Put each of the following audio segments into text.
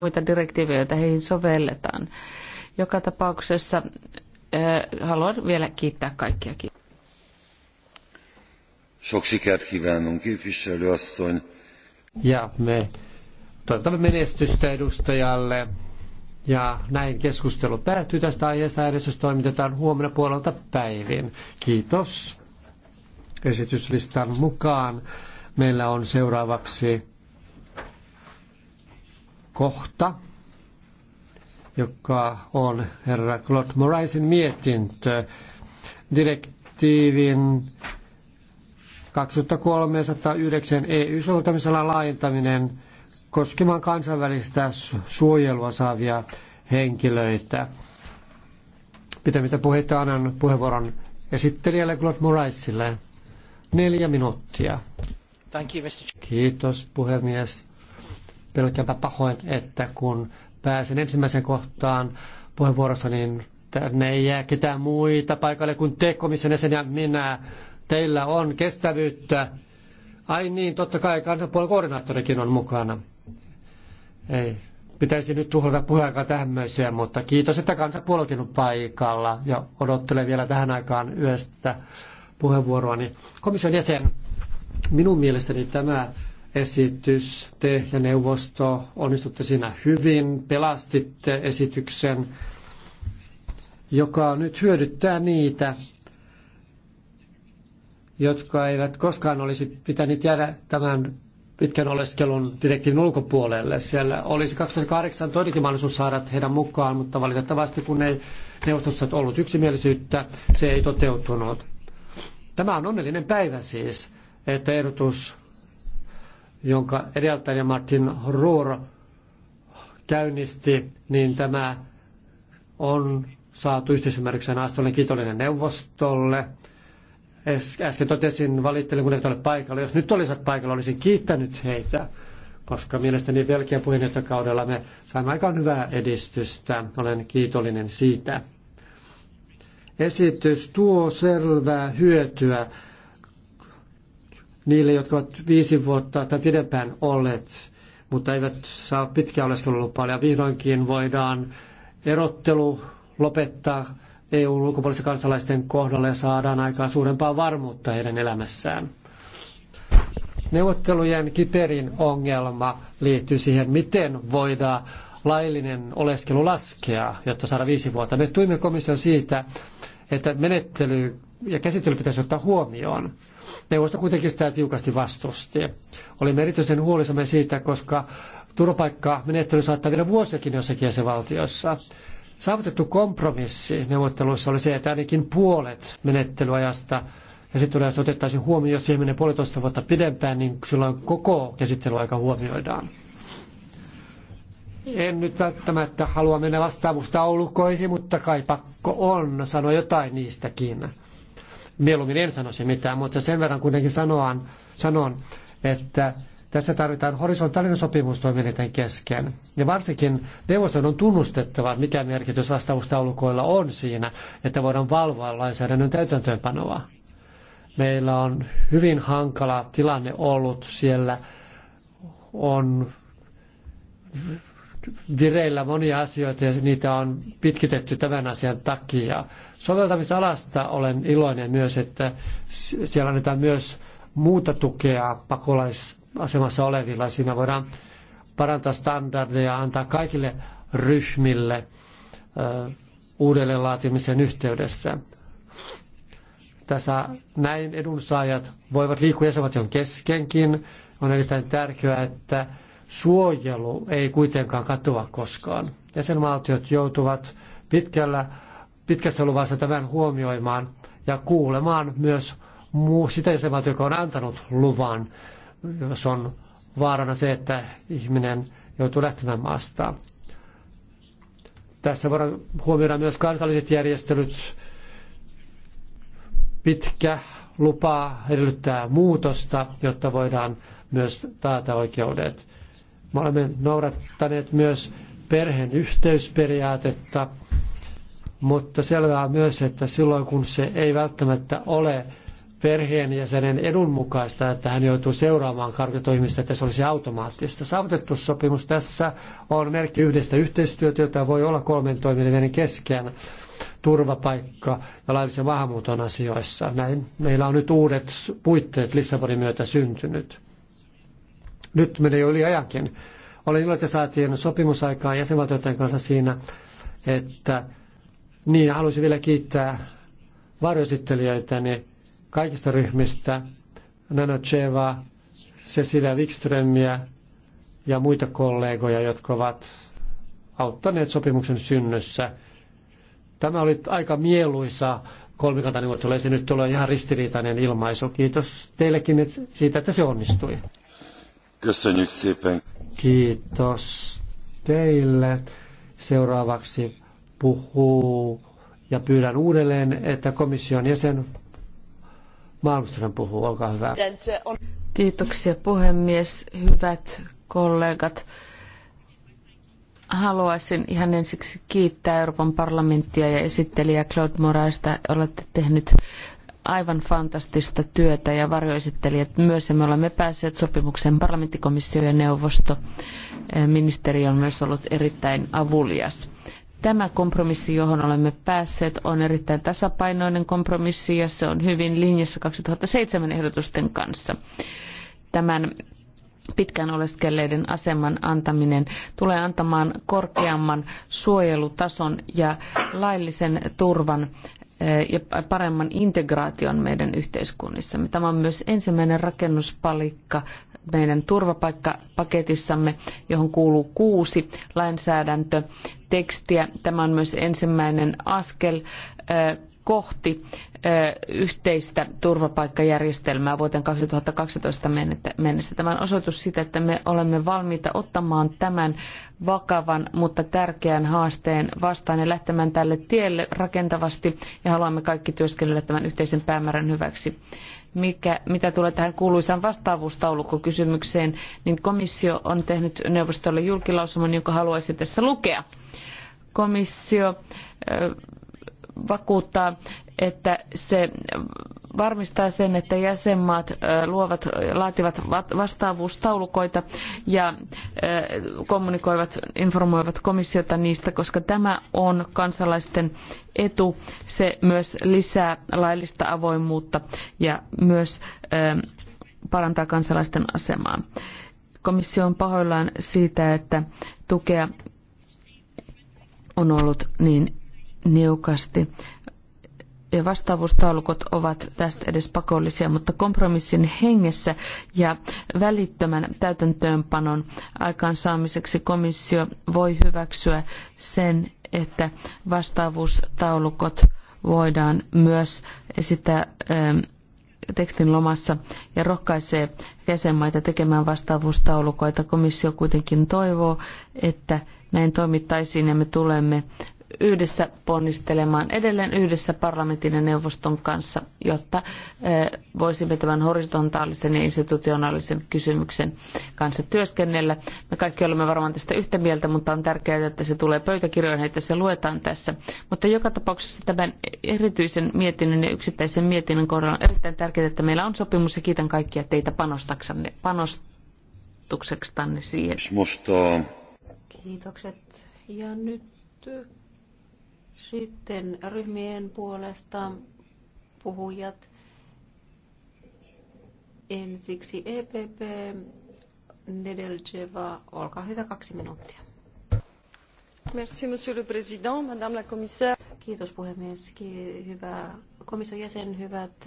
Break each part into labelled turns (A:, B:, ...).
A: muita direktiivejä, joita heihin sovelletaan. Joka tapauksessa äh,
B: haluan vielä kiittää kaikkia. Sok kívánunk, képviselőasszony. Ja me toivotamme menestystä edustajalle. Ja näin keskustelu päättyy tästä aiheesta. Äänestys toimitetaan huomenna puolelta päivin. Kiitos. Esityslistan mukaan meillä on seuraavaksi kohta, joka on herra Claude Moraisin mietintö direktiivin 2309 eu soveltamisella laajentaminen koskemaan kansainvälistä suojelua saavia henkilöitä. Pitämättä puheita annan puheenvuoron esittelijälle Claude Moraisille. Neljä minuuttia. Kiitos puhemies pelkäänpä pahoin, että kun pääsen ensimmäiseen kohtaan puheenvuorossa, niin tänne ei jää ketään muita paikalle kuin te komission jäsen ja minä. Teillä on kestävyyttä. Ai niin, totta kai kansanpuolen koordinaattorikin on mukana. Ei, pitäisi nyt tuhlata puheaikaa tämmöiseen, mutta kiitos, että kansanpuolokin on paikalla ja odottelen vielä tähän aikaan yöstä puheenvuoroani. Komission jäsen, minun mielestäni tämä esitys. Te ja neuvosto onnistutte siinä hyvin, pelastitte esityksen, joka nyt hyödyttää niitä, jotka eivät koskaan olisi pitänyt jäädä tämän pitkän oleskelun direktiivin ulkopuolelle. Siellä olisi 2008 toinenkin mahdollisuus saada heidän mukaan, mutta valitettavasti kun ei neuvostossa ollut yksimielisyyttä, se ei toteutunut. Tämä on onnellinen päivä siis, että ehdotus jonka edeltäjä Martin Rohr käynnisti, niin tämä on saatu yhteisymmärryksen asti. Olen kiitollinen neuvostolle. Äsken totesin, valittelin, kun eivät ole paikalla. Jos nyt olisivat paikalla, olisin kiittänyt heitä, koska mielestäni Belgian puheenjohtajakaudella me saimme aika hyvää edistystä. Olen kiitollinen siitä. Esitys tuo selvää hyötyä niille, jotka ovat viisi vuotta tai pidempään olleet, mutta eivät saa pitkää oleskelulupaa. Ja vihdoinkin voidaan erottelu lopettaa EUn ulkopuolisten kansalaisten kohdalla ja saadaan aikaan suurempaa varmuutta heidän elämässään. Neuvottelujen kiperin ongelma liittyy siihen, miten voidaan laillinen oleskelu laskea, jotta saada viisi vuotta. Me tuimme komission siitä, että menettely ja käsittely pitäisi ottaa huomioon. Neuvosto kuitenkin sitä tiukasti vastusti. Olimme erityisen huolissamme siitä, koska menettely saattaa vielä vuosiakin jossakin jäsenvaltiossa. Saavutettu kompromissi neuvotteluissa oli se, että ainakin puolet menettelyajasta Ja jos otettaisiin huomioon, jos siihen menee puolitoista vuotta pidempään, niin silloin koko käsittelyaika huomioidaan. En nyt välttämättä halua mennä vastaavuustaulukoihin, mutta kai pakko on sanoa jotain niistäkin. Mieluummin en sanoisi mitään, mutta sen verran kuitenkin sanoan, sanon, että tässä tarvitaan horisontaalinen sopimus toimielinten kesken. Ja varsinkin neuvoston on tunnustettava, mikä merkitys vastaavuustaulukoilla on siinä, että voidaan valvoa lainsäädännön täytäntöönpanoa. Meillä on hyvin hankala tilanne ollut siellä. On vireillä monia asioita ja niitä on pitkitetty tämän asian takia. Soveltamisalasta olen iloinen myös, että siellä annetaan myös muuta tukea pakolaisasemassa olevilla. Siinä voidaan parantaa standardeja, antaa kaikille ryhmille uudelleenlaatimisen yhteydessä. Tässä näin edunsaajat voivat liikkua jäsenvaltion keskenkin. On erittäin tärkeää, että suojelu ei kuitenkaan katoa koskaan. Jäsenvaltiot joutuvat pitkällä, pitkässä luvassa tämän huomioimaan ja kuulemaan myös muu, sitä jäsenvaltiota, joka on antanut luvan, jos on vaarana se, että ihminen joutuu lähtemään maasta. Tässä voidaan huomioida myös kansalliset järjestelyt. Pitkä lupa edellyttää muutosta, jotta voidaan myös taata oikeudet. Me olemme noudattaneet myös perheen yhteysperiaatetta, mutta selvää on myös, että silloin kun se ei välttämättä ole sen edun mukaista, että hän joutuu seuraamaan karkotoimista, ihmistä, että se olisi automaattista. Saavutettu sopimus tässä on merkki yhdestä yhteistyötä, jota voi olla kolmen toimijoiden kesken turvapaikka- ja laillisen maahanmuuton asioissa. Näin meillä on nyt uudet puitteet Lissabonin myötä syntynyt. Nyt menee jo yli ajankin. Olen iloinen, että saatiin sopimusaikaa jäsenvaltioiden kanssa siinä, että niin haluaisin vielä kiittää varjosittelijöitäni kaikista ryhmistä, Nano Cheva, Cecilia Wikströmiä ja muita kollegoja, jotka ovat auttaneet sopimuksen synnyssä. Tämä oli aika mieluisa kolmikantaneuvottelu, ja se nyt tulee ihan ristiriitainen ilmaisu. Kiitos teillekin siitä, että se onnistui. Kiitos teille. Seuraavaksi puhuu ja pyydän uudelleen, että komission jäsen Malmström puhuu. Olkaa hyvä.
A: Kiitoksia puhemies. Hyvät kollegat. Haluaisin ihan ensiksi kiittää Euroopan parlamenttia ja esittelijä Claude Moraista. Olette tehnyt aivan fantastista työtä ja varjoesittelijät myös. Ja me olemme päässeet sopimukseen parlamenttikomissio ja neuvosto. Eh, ministeri on myös ollut erittäin avulias. Tämä kompromissi, johon olemme päässeet, on erittäin tasapainoinen kompromissi ja se on hyvin linjassa 2007 ehdotusten kanssa. Tämän pitkään oleskelleiden aseman antaminen tulee antamaan korkeamman suojelutason ja laillisen turvan Eh, ja paremman integraation meidän yhteiskunnissamme. Tämä on myös ensimmäinen rakennuspalikka meidän turvapaikkapaketissamme, johon kuuluu kuusi lainsäädäntö, tekstiä. Tämä on myös ensimmäinen askel kohti yhteistä turvapaikkajärjestelmää vuoteen 2012 mennessä. Tämä on osoitus siitä, että me olemme valmiita ottamaan tämän vakavan, mutta tärkeän haasteen vastaan ja lähtemään tälle tielle rakentavasti ja haluamme kaikki työskennellä tämän yhteisen päämäärän hyväksi mikä, mitä tulee tähän kuuluisaan vastaavuustaulukkokysymykseen, niin komissio on tehnyt neuvostolle julkilausuman, jonka haluaisin tässä lukea. Komissio vakuuttaa, että se varmistaa sen, että jäsenmaat luovat, laativat vastaavuustaulukoita ja kommunikoivat, informoivat komissiota niistä, koska tämä on kansalaisten etu. Se myös lisää laillista avoimuutta ja myös parantaa kansalaisten asemaa. Komissio on pahoillaan siitä, että tukea on ollut niin niukasti ja vastaavuustaulukot ovat tästä edes pakollisia, mutta kompromissin hengessä ja välittömän täytäntöönpanon aikaansaamiseksi komissio voi hyväksyä sen, että vastaavuustaulukot voidaan myös esittää ähm, tekstin lomassa ja rohkaisee jäsenmaita tekemään vastaavuustaulukoita. Komissio kuitenkin toivoo, että näin toimittaisiin ja me tulemme yhdessä ponnistelemaan edelleen yhdessä parlamentin ja neuvoston kanssa, jotta eh, voisimme tämän horisontaalisen ja institutionaalisen kysymyksen kanssa työskennellä. Me kaikki olemme varmaan tästä yhtä mieltä, mutta on tärkeää, että se tulee pöytäkirjoihin, että se luetaan tässä. Mutta joka tapauksessa tämän erityisen mietinnön ja yksittäisen mietinnön kohdalla on erittäin tärkeää, että meillä on sopimus ja kiitän kaikkia teitä panostaksanne, panostuksekstanne siihen.
C: Kiitokset. Ja nyt sitten ryhmien puolesta puhujat. Ensiksi EPP, Nedeljeva, olkaa hyvä, kaksi minuuttia. Merci, monsieur le président, madame la commissaire. Kiitos puhemies, hyvä komission jäsen, hyvät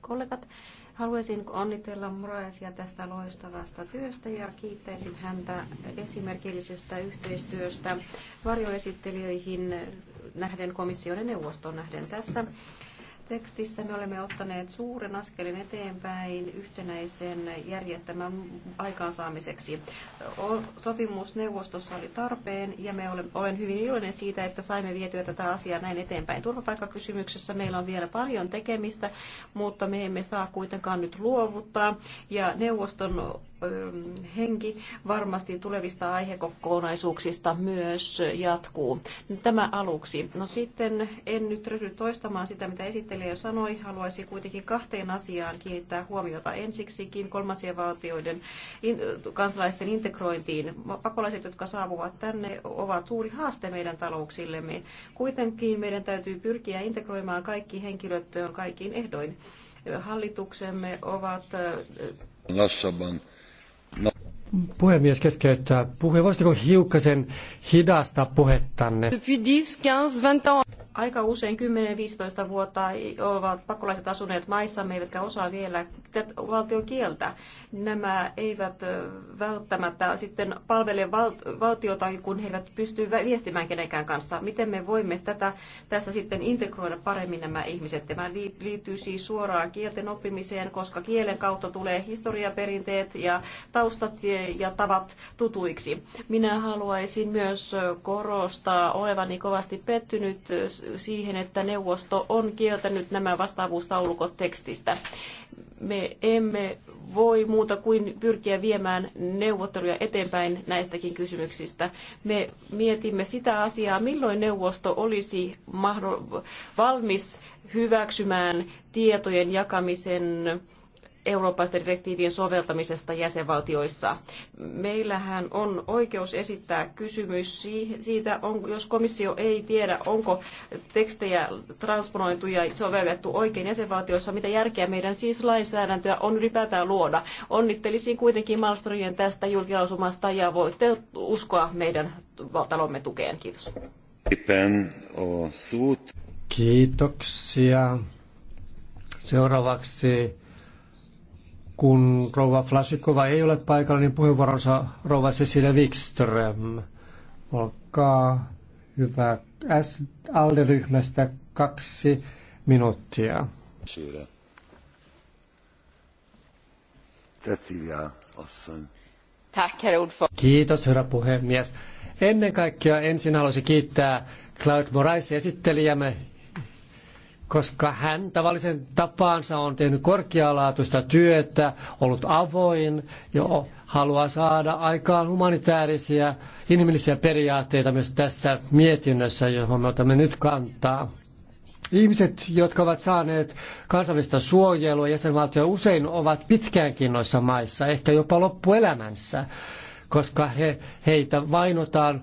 C: kollegat. Haluaisin onnitella Muraisia tästä loistavasta työstä ja kiittäisin häntä esimerkillisestä yhteistyöstä varjoesittelijöihin nähden komission ja neuvoston nähden tässä tekstissä me olemme ottaneet suuren askelin eteenpäin yhtenäisen järjestelmän aikaansaamiseksi. Sopimus neuvostossa oli tarpeen ja me olen, olen hyvin iloinen siitä, että saimme vietyä tätä asiaa näin eteenpäin. Turvapaikkakysymyksessä meillä on vielä paljon tekemistä, mutta me emme saa kuitenkaan nyt luovuttaa ja neuvoston henki varmasti tulevista aihekokonaisuuksista myös jatkuu. Tämä aluksi. No sitten en nyt ryhdy toistamaan sitä, mitä esittelijä jo sanoi. Haluaisin kuitenkin kahteen asiaan kiinnittää huomiota. Ensiksikin kolmansien valtioiden kansalaisten integrointiin. Pakolaiset, jotka saapuvat tänne, ovat suuri haaste meidän talouksillemme. Kuitenkin meidän täytyy pyrkiä integroimaan kaikki henkilöt kaikkiin ehdoin. Hallituksemme ovat
B: Lassaban No. Puhemies keskeyttää puhe. Voisitko hiukkasen hidasta puhettanne?
C: Aika usein 10-15 vuotta ovat pakolaiset asuneet maissa, me eivätkä osaa vielä Valtiokieltä kieltä. Nämä eivät välttämättä sitten palvele val, valtiota, kun he eivät pysty viestimään kenenkään kanssa. Miten me voimme tätä tässä sitten integroida paremmin nämä ihmiset? Tämä liittyy siis suoraan kielten oppimiseen, koska kielen kautta tulee historiaperinteet ja taustat ja tavat tutuiksi. Minä haluaisin myös korostaa olevani kovasti pettynyt siihen, että neuvosto on kieltänyt nämä vastaavuustaulukot tekstistä me emme voi muuta kuin pyrkiä viemään neuvotteluja eteenpäin näistäkin kysymyksistä. Me mietimme sitä asiaa, milloin neuvosto olisi valmis hyväksymään tietojen jakamisen eurooppalaisten direktiivien soveltamisesta jäsenvaltioissa. Meillähän on oikeus esittää kysymys siitä, on, jos komissio ei tiedä, onko tekstejä transponoitu ja sovellettu oikein jäsenvaltioissa, mitä järkeä meidän siis lainsäädäntöä on ylipäätään luoda. Onnittelisin kuitenkin Malmströmien tästä julkilausumasta ja voitte uskoa meidän talomme tukeen. Kiitos.
B: Kiitoksia. Seuraavaksi kun rouva Flasikova ei ole paikalla, niin puheenvuoronsa rouva Cecilia Wikström. Olkaa hyvä. ALDE-ryhmästä kaksi minuuttia. Syyden. Kiitos, herra puhemies. Ennen kaikkea ensin haluaisin kiittää Cloud Morais esittelijämme, koska hän tavallisen tapaansa on tehnyt korkealaatuista työtä, ollut avoin ja haluaa saada aikaan humanitaarisia inhimillisiä periaatteita myös tässä mietinnössä, johon me otamme nyt kantaa. Ihmiset, jotka ovat saaneet kansainvälistä suojelua jäsenvaltioja, usein ovat pitkäänkin noissa maissa, ehkä jopa loppuelämänsä, koska he, heitä vainotaan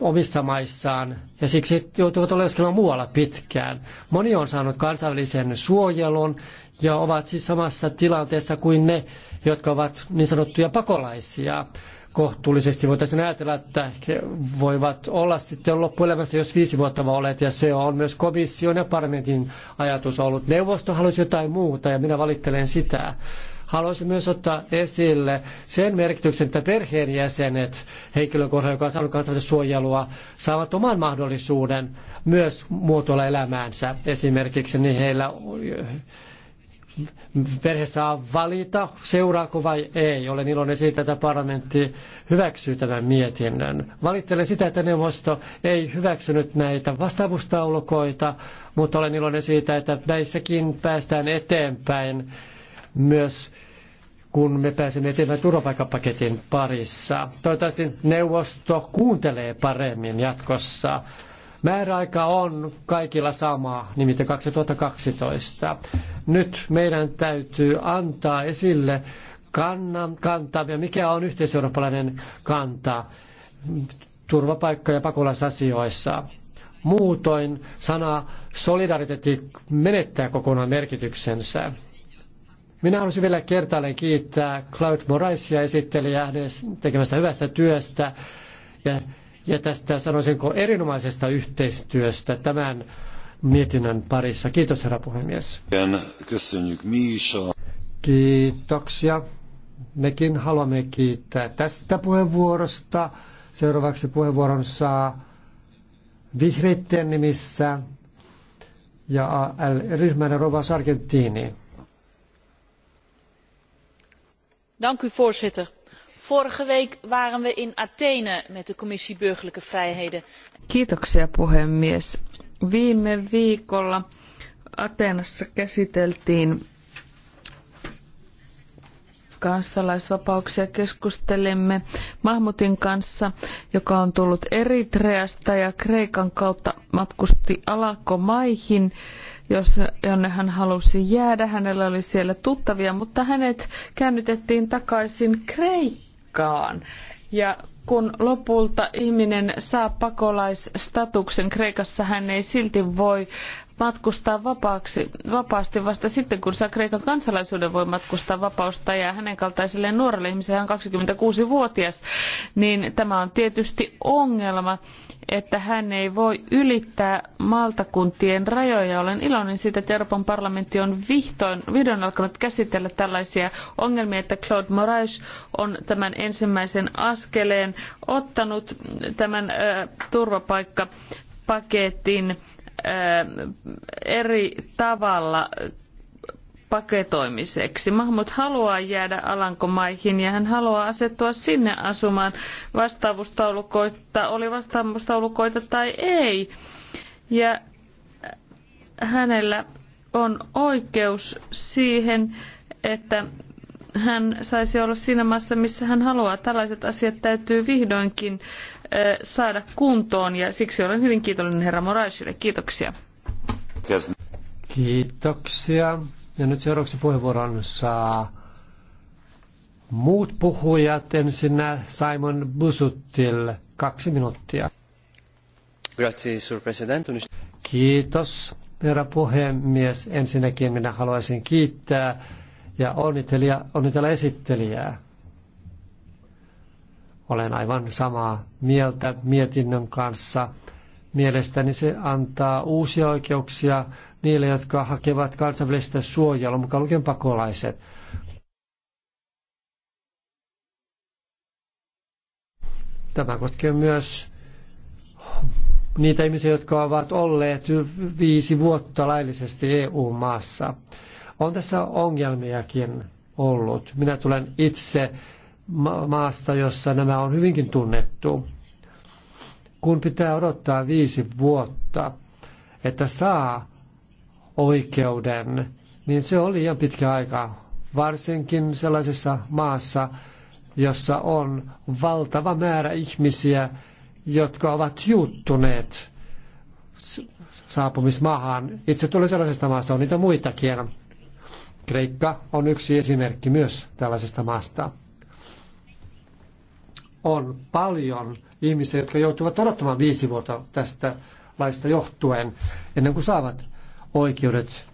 B: omissa maissaan ja siksi joutuvat oleskelemaan muualla pitkään. Moni on saanut kansainvälisen suojelun ja ovat siis samassa tilanteessa kuin ne, jotka ovat niin sanottuja pakolaisia. Kohtuullisesti voitaisiin ajatella, että he voivat olla sitten loppuelämässä, jos viisi vuotta vaan olet, ja se on myös komission ja parlamentin ajatus ollut. Neuvosto halusi jotain muuta, ja minä valittelen sitä. Haluaisin myös ottaa esille sen merkityksen, että perheenjäsenet, henkilökohta, joka on saanut kansainvälistä suojelua, saavat oman mahdollisuuden myös muotoilla elämäänsä. Esimerkiksi niin heillä perhe saa valita, seuraako vai ei. Olen iloinen siitä, että parlamentti hyväksyy tämän mietinnön. Valittelen sitä, että neuvosto ei hyväksynyt näitä vastaavuustaulukoita, mutta olen iloinen siitä, että näissäkin päästään eteenpäin myös kun me pääsemme eteenpäin turvapaikkapaketin parissa. Toivottavasti neuvosto kuuntelee paremmin jatkossa. Määräaika on kaikilla sama, nimittäin 2012. Nyt meidän täytyy antaa esille kannan, kantaa, mikä on yhteiseurooppalainen kanta turvapaikka- ja pakolaisasioissa. Muutoin sana solidariteetti menettää kokonaan merkityksensä. Minä haluaisin vielä kertaalleen kiittää Claude Moraisia esittelijää hänen tekemästä hyvästä työstä ja, ja tästä sanoisinko erinomaisesta yhteistyöstä tämän mietinnön parissa. Kiitos herra puhemies. Kiitoksia. Mekin haluamme kiittää tästä puheenvuorosta. Seuraavaksi puheenvuoron saa vihreitten nimissä ja AL-ryhmänä Rova Sargentini.
A: voorzitter vorige week waren we in athene met de commissie burgerlijke vrijheden. Kiitoksia puhemies. Viime viikolla Ateenassa käsiteltiin kansalaisvapauksia keskustelimme Mahmutin kanssa, joka on tullut Eritreasta ja Kreikan kautta matkusti Alakomaihin. maihin jos, jonne hän halusi jäädä. Hänellä oli siellä tuttavia, mutta hänet käännytettiin takaisin Kreikkaan. Ja kun lopulta ihminen saa pakolaisstatuksen Kreikassa, hän ei silti voi matkustaa vapaaksi, vapaasti vasta sitten, kun saa Kreikan kansalaisuuden, voi matkustaa vapausta ja hänen kaltaiselle nuorelle ihmiselle on 26-vuotias, niin tämä on tietysti ongelma, että hän ei voi ylittää maltakuntien rajoja. Olen iloinen siitä, että Euroopan parlamentti on vihdoin, vihdoin alkanut käsitellä tällaisia ongelmia, että Claude Moraes on tämän ensimmäisen askeleen ottanut tämän äh, turvapaikkapaketin eri tavalla paketoimiseksi. Mahmut haluaa jäädä Alankomaihin ja hän haluaa asettua sinne asumaan vastaavustaulukoita, oli vastaavustaulukoita tai ei. Ja hänellä on oikeus siihen, että hän saisi olla siinä maassa, missä hän haluaa. Tällaiset asiat täytyy vihdoinkin saada kuntoon ja siksi olen hyvin kiitollinen herra Moraisille. Kiitoksia.
B: Kiitoksia. Ja nyt seuraavaksi puheenvuoron saa muut puhujat. Ensinnä Simon Busuttil, kaksi minuuttia. Kiitos, herra puhemies. Ensinnäkin minä haluaisin kiittää ja onnitella, onnitella esittelijää. Olen aivan samaa mieltä mietinnön kanssa. Mielestäni se antaa uusia oikeuksia niille, jotka hakevat kansainvälistä suojelua, mukaan lukien pakolaiset. Tämä koskee myös niitä ihmisiä, jotka ovat olleet viisi vuotta laillisesti EU-maassa. On tässä ongelmiakin ollut. Minä tulen itse maasta, jossa nämä on hyvinkin tunnettu. Kun pitää odottaa viisi vuotta, että saa oikeuden, niin se on liian pitkä aika, varsinkin sellaisessa maassa, jossa on valtava määrä ihmisiä, jotka ovat juuttuneet saapumismaahan. Itse tulee sellaisesta maasta, on niitä muitakin Kreikka on yksi esimerkki myös tällaisesta maasta. On paljon ihmisiä, jotka joutuvat odottamaan viisi vuotta tästä laista johtuen, ennen kuin saavat oikeudet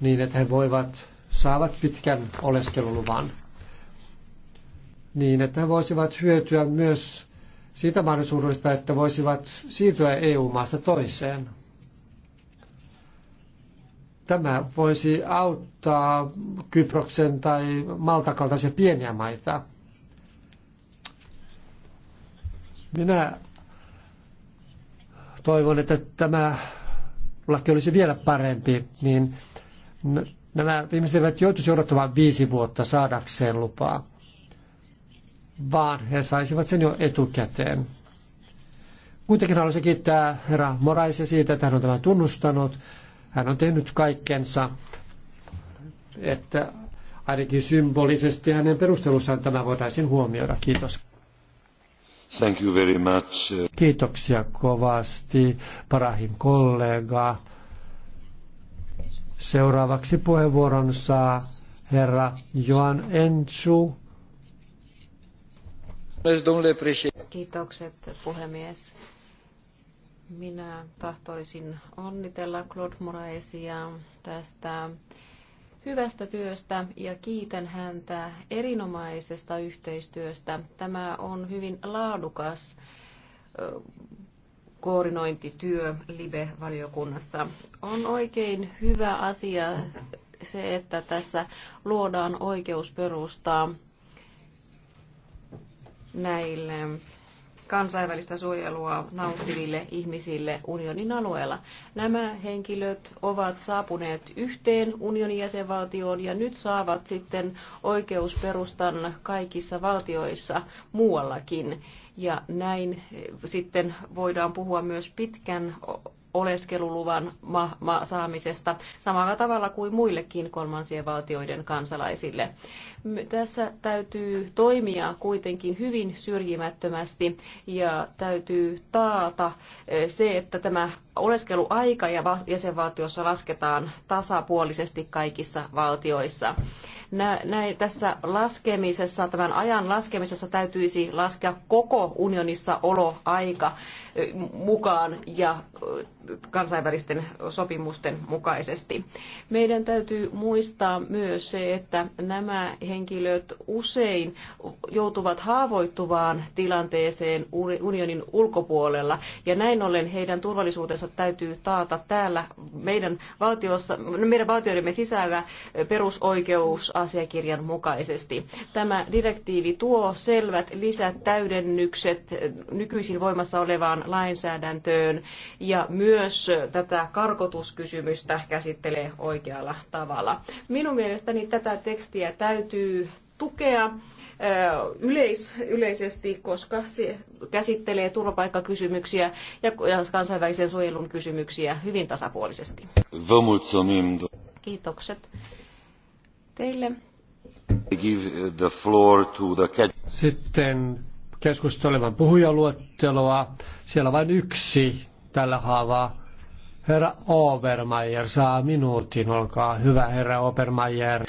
B: niin, että he voivat saavat pitkän oleskeluluvan. Niin, että he voisivat hyötyä myös siitä mahdollisuudesta, että voisivat siirtyä EU-maasta toiseen. Tämä voisi auttaa Kyproksen tai Maltakaltaisia pieniä maita. Minä toivon, että tämä laki olisi vielä parempi, niin nämä ihmiset eivät joutuisi odottamaan viisi vuotta saadakseen lupaa, vaan he saisivat sen jo etukäteen. Kuitenkin haluaisin kiittää herra Moraisia siitä, että hän on tämän tunnustanut hän on tehnyt kaikkensa, että ainakin symbolisesti hänen perustelussaan tämä voitaisiin huomioida. Kiitos. Thank you very much. Kiitoksia kovasti, parahin kollega. Seuraavaksi puheenvuoron saa herra Joan Enchu.
C: Kiitokset puhemies. Minä tahtoisin onnitella Claude Moraesia tästä hyvästä työstä ja kiitän häntä erinomaisesta yhteistyöstä. Tämä on hyvin laadukas koordinointityö Libe-valiokunnassa. On oikein hyvä asia se, että tässä luodaan oikeusperustaa näille kansainvälistä suojelua nauttiville ihmisille unionin alueella. Nämä henkilöt ovat saapuneet yhteen unionin jäsenvaltioon ja nyt saavat sitten oikeusperustan kaikissa valtioissa muuallakin. Ja näin eh, sitten voidaan puhua myös pitkän oleskeluluvan ma- ma- saamisesta samalla tavalla kuin muillekin kolmansien valtioiden kansalaisille. Tässä täytyy toimia kuitenkin hyvin syrjimättömästi ja täytyy taata eh, se, että tämä oleskeluaika ja jäsenvaltiossa lasketaan tasapuolisesti kaikissa valtioissa. Näin, tässä laskemisessa, tämän ajan laskemisessa täytyisi laskea koko unionissa oloaika eh, mukaan ja eh, kansainvälisten sopimusten mukaisesti. Meidän täytyy muistaa myös se, että nämä he henkilöt usein joutuvat haavoittuvaan tilanteeseen unionin ulkopuolella ja näin ollen heidän turvallisuutensa täytyy taata täällä meidän, valtiossa, meidän valtioidemme sisällä perusoikeusasiakirjan mukaisesti. Tämä direktiivi tuo selvät lisätäydennykset nykyisin voimassa olevaan lainsäädäntöön ja myös tätä karkotuskysymystä käsittelee oikealla tavalla. Minun mielestäni tätä tekstiä täytyy täytyy tukea yleis, yleisesti, koska se käsittelee turvapaikkakysymyksiä ja kansainvälisen suojelun kysymyksiä hyvin tasapuolisesti. Kiitokset teille.
B: Sitten keskustelevan puhujaluetteloa. Siellä vain yksi tällä haavaa. Herra Obermeier saa minuutin, olkaa hyvä herra Obermeier.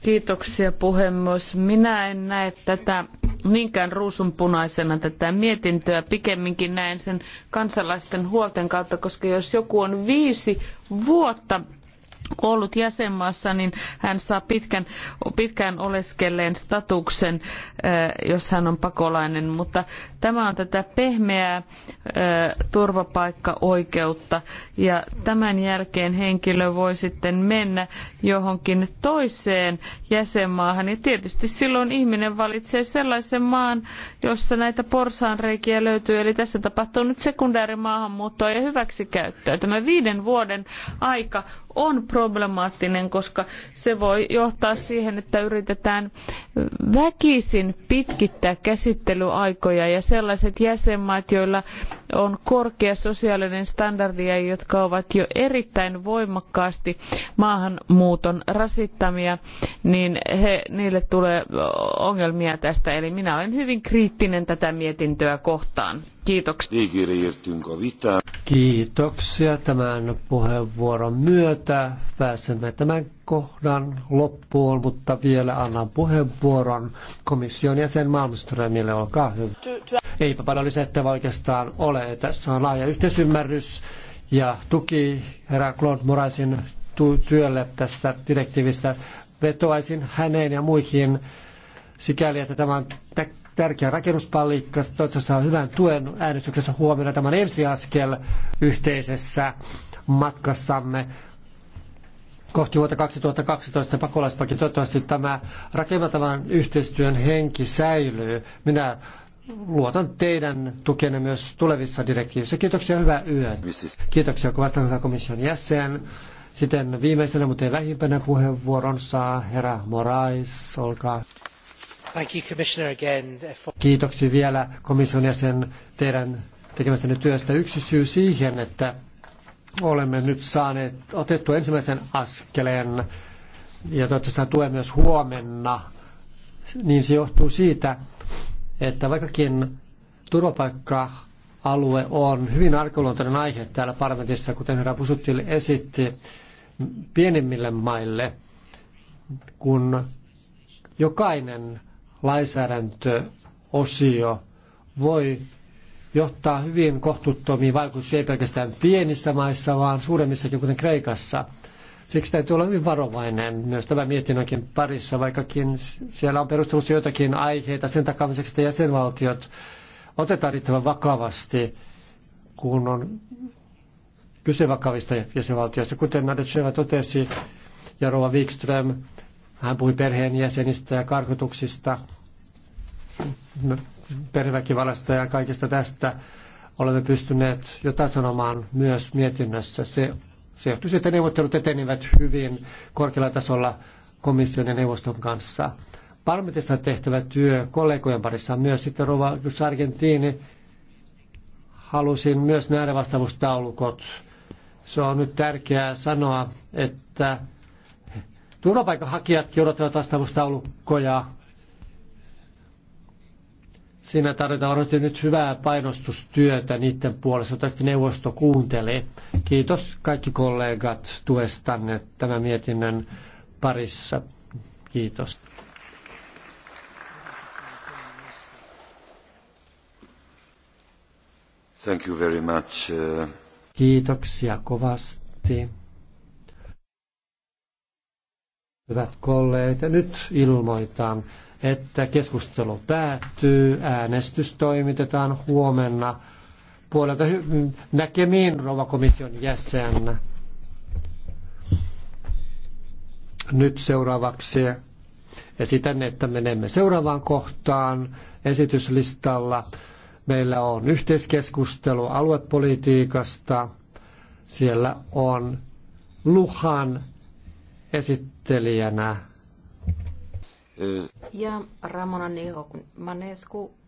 B: Kiitoksia
A: puhemies. Minä en näe tätä niinkään ruusunpunaisena tätä mietintöä. Pikemminkin näen sen kansalaisten huolten kautta, koska jos joku on viisi vuotta ollut jäsenmaassa, niin hän saa pitkän, pitkään oleskelleen statuksen, eh, jos hän on pakolainen. Mutta tämä on tätä pehmeää eh, turvapaikkaoikeutta. Ja tämän jälkeen henkilö voi sitten mennä johonkin toiseen jäsenmaahan. Ja tietysti silloin ihminen valitsee sellaisen maan, jossa näitä porsaanreikiä löytyy. Eli tässä tapahtuu nyt sekundäärimaahanmuuttoa ja hyväksikäyttöä. Tämä viiden vuoden aika on problemaattinen, koska se voi johtaa siihen, että yritetään väkisin pitkittää käsittelyaikoja ja sellaiset jäsenmaat, joilla on korkea sosiaalinen standardi ja jotka ovat jo erittäin voimakkaasti maahanmuuton rasittamia, niin he, niille tulee ongelmia tästä. Eli minä olen hyvin kriittinen tätä mietintöä kohtaan.
B: Kiitoksia. Niin, Kiitoksia tämän puheenvuoron myötä. Pääsemme tämän kohdan loppuun, mutta vielä annan puheenvuoron komission jäsen Malmströmille. Olkaa hyvä. Eipä paljon lisättävä oikeastaan ole. Tässä on laaja yhteisymmärrys ja tuki herra Claude Moraisin työlle tässä direktiivistä. Vetoaisin häneen ja muihin sikäli, että tämä on tärkeä rakennuspalikka. Toivottavasti saa hyvän tuen äänestyksessä huomenna tämän ensiaskel yhteisessä matkassamme kohti vuotta 2012 pakolaispakin. Toivottavasti tämä rakentavan yhteistyön henki säilyy. Minä luotan teidän tukenne myös tulevissa direktiivissä. Kiitoksia, hyvää yötä. Kiitoksia kovasti, hyvä komission jäsen. Sitten viimeisenä, mutta ei vähimpänä puheenvuoron saa herra Morais, olkaa. Uh, Kiitoksia vielä komission jäsen teidän tekemästänne työstä. Yksi syy siihen, että olemme nyt saaneet otettua ensimmäisen askeleen ja toivottavasti tulee myös huomenna, niin se johtuu siitä, että vaikkakin turvapaikka-alue on hyvin arkaluontoinen aihe täällä parlamentissa, kuten herra Busuttil esitti, pienemmille maille, kun jokainen lainsäädäntöosio voi johtaa hyvin kohtuuttomiin vaikutuksiin, ei pelkästään pienissä maissa, vaan suuremmissakin, kuten Kreikassa. Siksi täytyy olla hyvin varovainen myös tämän mietinnönkin parissa, vaikkakin siellä on perustelusta joitakin aiheita sen takaamiseksi, että jäsenvaltiot otetaan riittävän vakavasti, kun on kyse vakavista jäsenvaltioista. Kuten Nadecheva totesi ja Rova Wikström, hän puhui perheenjäsenistä ja karkotuksista, perheväkivallasta ja kaikesta tästä. Olemme pystyneet jotain sanomaan myös mietinnössä. Se, se johtui siitä, että neuvottelut etenivät hyvin korkealla tasolla komission ja neuvoston kanssa. Parlamentissa tehtävä työ kollegojen parissa myös sitten Rova Sargentini halusin myös nähdä vastaavuustaulukot. Se on nyt tärkeää sanoa, että Turvapaikanhakijatkin odottavat vastaavuustaulukkoja. Siinä tarvitaan varmasti nyt hyvää painostustyötä niiden puolesta, että neuvosto kuuntelee. Kiitos kaikki kollegat tuestanne tämän mietinnön parissa. Kiitos. Thank you very much. Uh, Kiitoksia kovasti. Hyvät kollegat, nyt ilmoitan, että keskustelu päättyy, äänestys toimitetaan huomenna puolelta näkemiin rova komission jäsen. Nyt seuraavaksi esitän, että menemme seuraavaan kohtaan esityslistalla. Meillä on yhteiskeskustelu aluepolitiikasta. Siellä on Luhan esittelijänä.
C: Ja Ramona Niho Manescu